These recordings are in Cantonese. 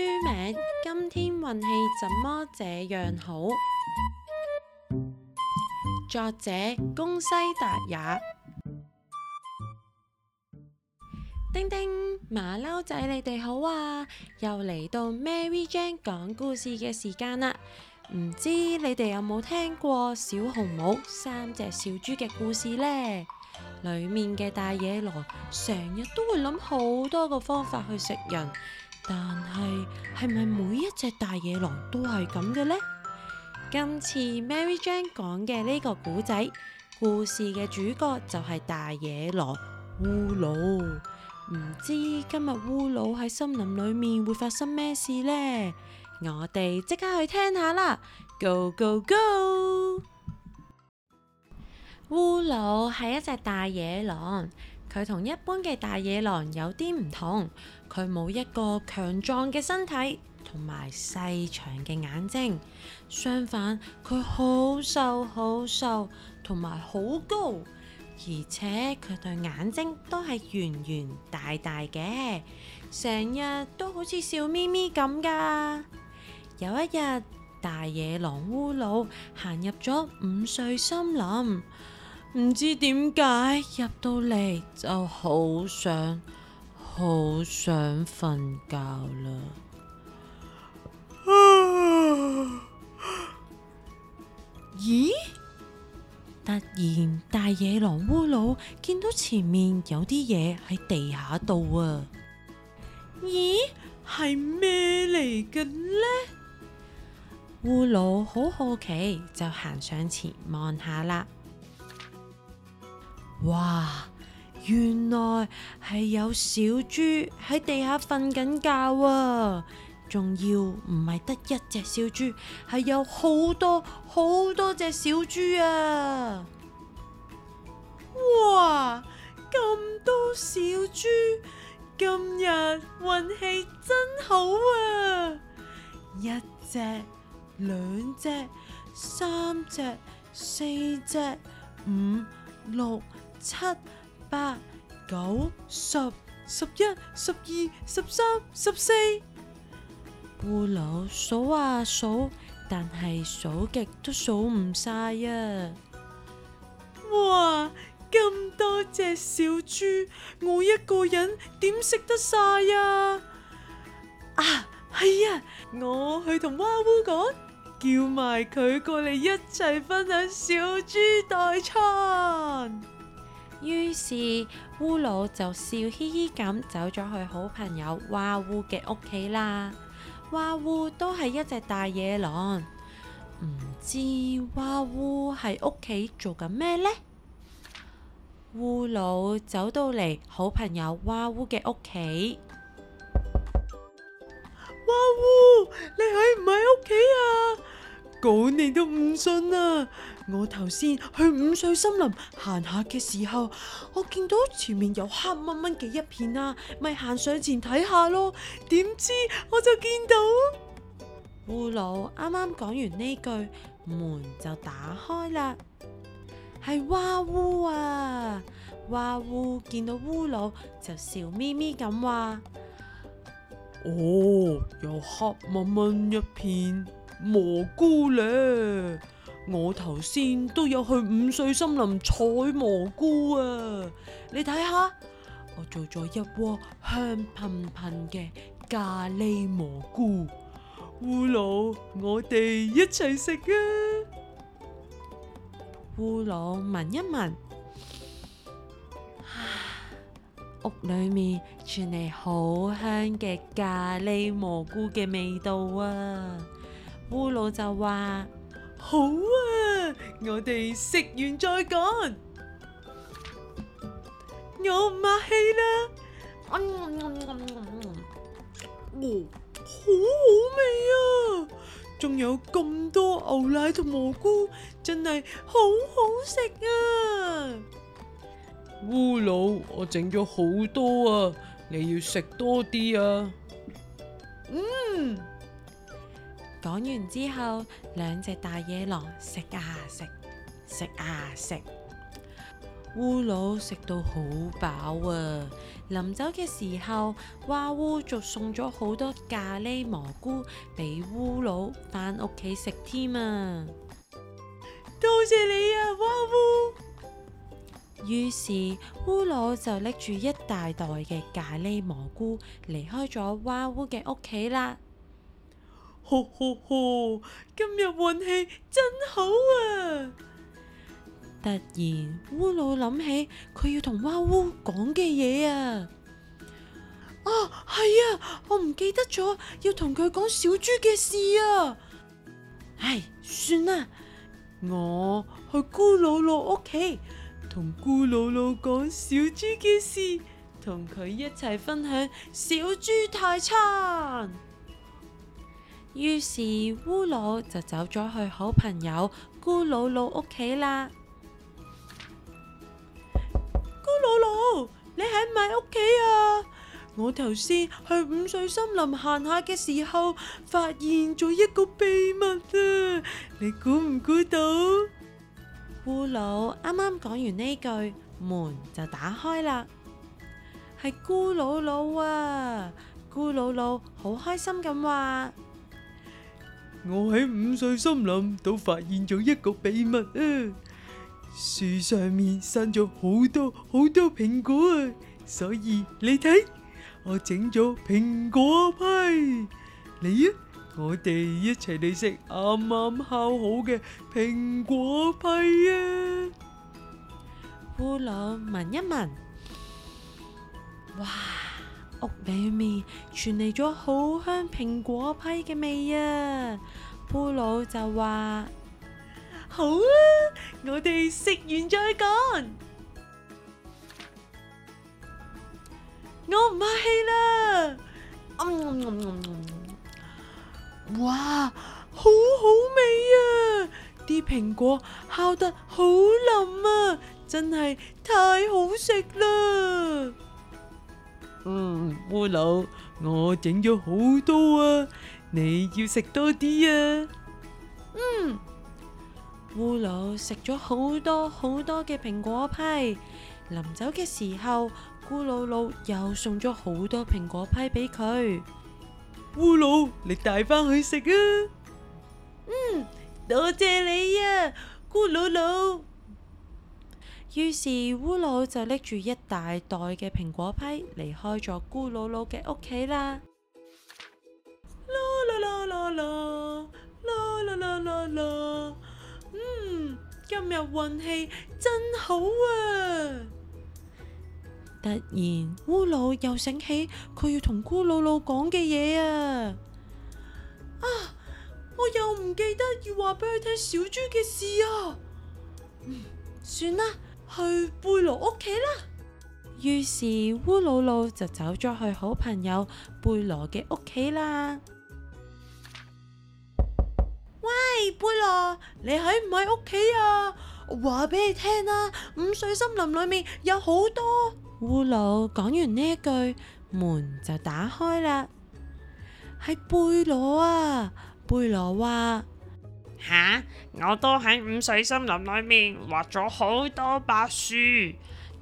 書名《今天運氣怎麼這樣好》，作者宮西達也。叮叮，馬騮仔，你哋好啊！又嚟到 Mary Jane 講故事嘅時間啦！唔知你哋有冇聽過《小紅帽》三隻小豬嘅故事呢？裏面嘅大野狼成日都會諗好多個方法去食人。但係，係咪每一隻大野狼都係咁嘅呢？今次 Mary Jane 講嘅呢個故仔，故事嘅主角就係大野狼烏魯。唔知今日烏魯喺森林裏面會發生咩事呢？我哋即刻去聽下啦！Go go go！烏魯係一隻大野狼，佢同一般嘅大野狼有啲唔同。佢冇一個強壯嘅身體，同埋細長嘅眼睛。相反，佢好瘦好瘦，同埋好高，而且佢對眼睛都係圓圓大大嘅，成日都好似笑咪咪咁噶。有一日，大野狼烏魯行入咗午睡森林，唔知點解入到嚟就好想。好想瞓覺啦！ 咦？突然大野狼烏魯見到前面有啲嘢喺地下度啊！咦？係咩嚟嘅呢？烏魯好好奇，就行上前望下啦。哇！原來係有小豬喺地下瞓緊覺啊！仲要唔係得一隻小豬，係有好多好多隻小豬啊！哇！咁多小豬，今日運氣真好啊！一隻、兩隻、三隻、四隻、五、六、七。八九十十一十二十三十四，烏老數啊數，但係數極都數唔晒啊！哇，咁多隻小豬，我一個人點食得晒啊？啊，係啊，我去同哇烏講，叫埋佢過嚟一齊分享小豬大餐。於是烏魯就笑嘻嘻咁走咗去好朋友哇烏嘅屋企啦。哇烏都係一隻大野狼，唔知哇烏喺屋企做緊咩呢？烏魯走到嚟好朋友哇烏嘅屋企。哇烏，你喺唔喺屋企啊？講你都唔信啊！我頭先去五歲森林行下嘅時候，我見到前面有黑蚊蚊嘅一片啊，咪行上前睇下咯。點知我就見到烏魯。啱啱講完呢句，門就打開啦。係哇烏啊哇烏見到烏魯就笑咪咪咁話：哦，有黑蚊蚊一片蘑菇咧。我頭先都有去五歲森林採蘑菇啊！你睇下，我做咗一鍋香噴噴嘅咖喱蘑菇，烏魯，我哋一齊食啊！烏魯聞一聞，屋裏面傳嚟好香嘅咖喱蘑菇嘅味道啊！烏魯就話。好啊！我哋食完再講。我唔客氣啦，嗯嗯嗯。好好味啊！仲有咁多牛奶同蘑菇，真係好好食啊！烏魯，我整咗好多啊！你要食多啲啊！嗯。講完之後，兩隻大野狼食啊食，食啊食，烏魯食到好飽啊！臨走嘅時候，蛙烏仲送咗好多咖喱蘑菇俾烏魯返屋企食添啊！多謝，謝你啊，蛙烏！於是烏魯就拎住一大袋嘅咖喱蘑菇離開咗蛙烏嘅屋企啦。呵呵呵，今日運氣真好啊！突然，烏魯諗起佢要同貓屋講嘅嘢啊！啊，係啊，我唔記得咗要同佢講小豬嘅事啊！唉，算啦，我去姑姥姥屋企，同姑姥姥講小豬嘅事，同佢一齊分享小豬大餐。於是烏魯就走咗去好朋友咕嚕嚕屋企啦。咕嚕嚕，你喺唔喺屋企啊？我頭先去午睡森林行下嘅時候，發現咗一個秘密啊！你估唔估到？烏魯啱啱講完呢句，門就打開啦。係咕嚕嚕啊！咕嚕嚕好開心咁話。我喺五歲森林都發現咗一個秘密啊！樹上面生咗好多好多蘋果啊！所以你睇，我整咗蘋果批，嚟啊！我哋一齊嚟食啱啱烤好嘅蘋果批啊！布朗聞一聞，哇！屋裏面傳嚟咗好香蘋果批嘅味啊！鋪老就話：好啊，我哋食完再講。我唔客氣啦。嗯，哇，好好味啊！啲蘋果烤得好腍啊，真係太好食啦！嗯，烏魯，我整咗好多啊，你要食多啲啊。嗯，烏魯食咗好多好多嘅蘋果批，臨走嘅時候，咕嚕嚕又送咗好多蘋果批俾佢。烏魯，你帶返去食啊。嗯，多謝你啊，咕嚕嚕。於是烏魯就拎住一大袋嘅蘋果批，離開咗姑姥姥嘅屋企啦。啦啦啦啦啦啦啦啦啦啦，嗯，今日運氣真好啊！突然烏魯又醒起佢要同姑姥姥講嘅嘢啊！啊，我又唔記得要話俾佢聽小豬嘅事啊！嗯，算啦。去貝羅屋企啦！於是烏魯魯就走咗去好朋友貝羅嘅屋企啦。喂，貝羅，你喺唔喺屋企啊？話俾你聽啦，五水森林裏面有好多烏魯。講完呢一句，門就打開啦。係貝羅啊！貝羅話。吓！我都喺五水森林裏面畫咗好多白樹，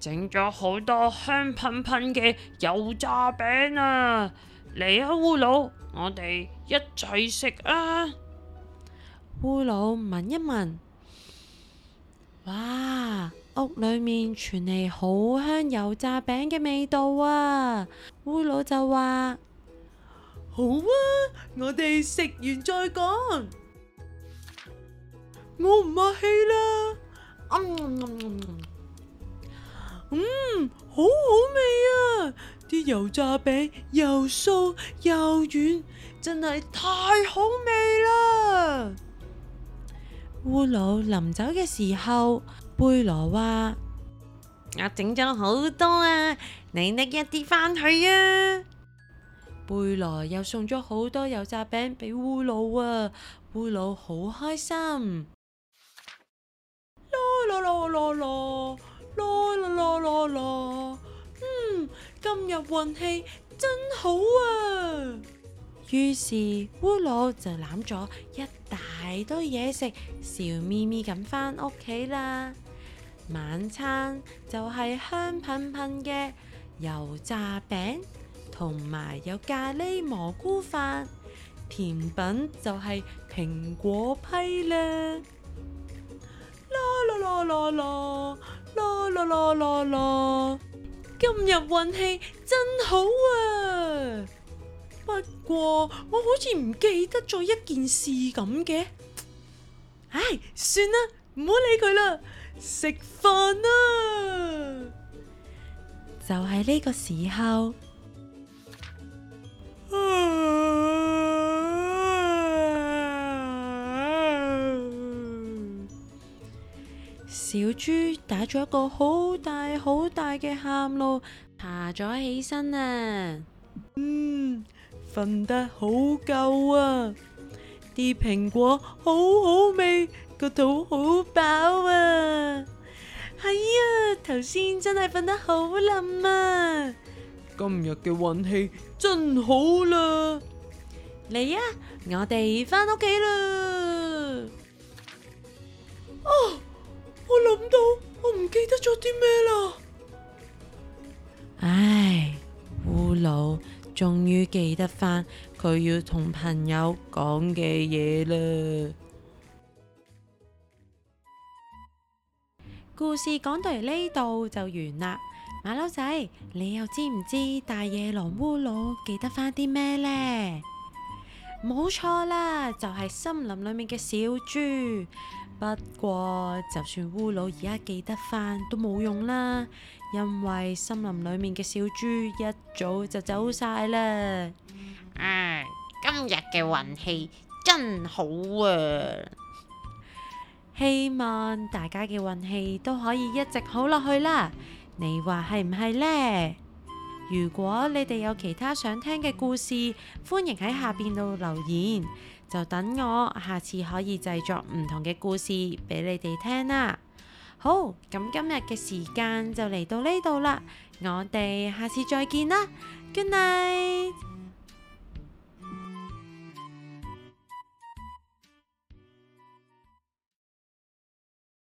整咗好多香噴噴嘅油炸餅啊！嚟啊，烏魯，我哋一齊食啊！烏魯聞一聞，哇，屋裏面傳嚟好香油炸餅嘅味道啊！烏魯就話：好啊，我哋食完再講。我唔客氣啦。嗯，好好味啊！啲油炸餅又酥又軟，真係太好味啦！烏魯臨走嘅時候，貝羅話：我整咗好多啊，你拎一啲返去啊！貝羅又送咗好多油炸餅俾烏魯啊，烏魯好開心。咯咯咯咯咯，咯咯咯咯咯，嗯，今日運氣真好啊！於是烏魯就攬咗一大堆嘢食，笑咪咪咁返屋企啦。晚餐就係香噴噴嘅油炸餅，同埋有，有咖喱蘑菇飯，甜品就係蘋果批啦。啦啦啦啦啦啦啦啦！今日運氣真好啊，不過我好似唔記得咗一件事咁嘅。唉，算啦，唔好理佢啦，食飯啦！就係呢個時候。豬打咗一個好大好大嘅喊路，爬咗起身啊！嗯，瞓得好夠啊！啲蘋果好好味，個肚好飽啊！係、哎、呀，頭先真係瞓得好冧啊！今日嘅運氣真好啦！嚟呀、啊，我哋返屋企啦！我諗到我唔記得咗啲咩啦！唉，烏魯終於記得返佢要同朋友講嘅嘢啦。故事講到嚟呢度就完啦。馬騮仔，你又知唔知大野狼烏魯記得返啲咩呢？冇錯啦，就係森林裏面嘅小豬。不過就算烏魯而家記得翻都冇用啦，因為森林裏面嘅小豬一早就走晒啦。唉、啊,今日嘅運氣真好啊！希望大家嘅運氣都可以一直好落去啦。你話係唔係呢？如果你哋有其他想聽嘅故事，歡迎喺下邊度留言，就等我下次可以製作唔同嘅故事俾你哋聽啦。好，咁今日嘅時間就嚟到呢度啦，我哋下次再見啦，Good night！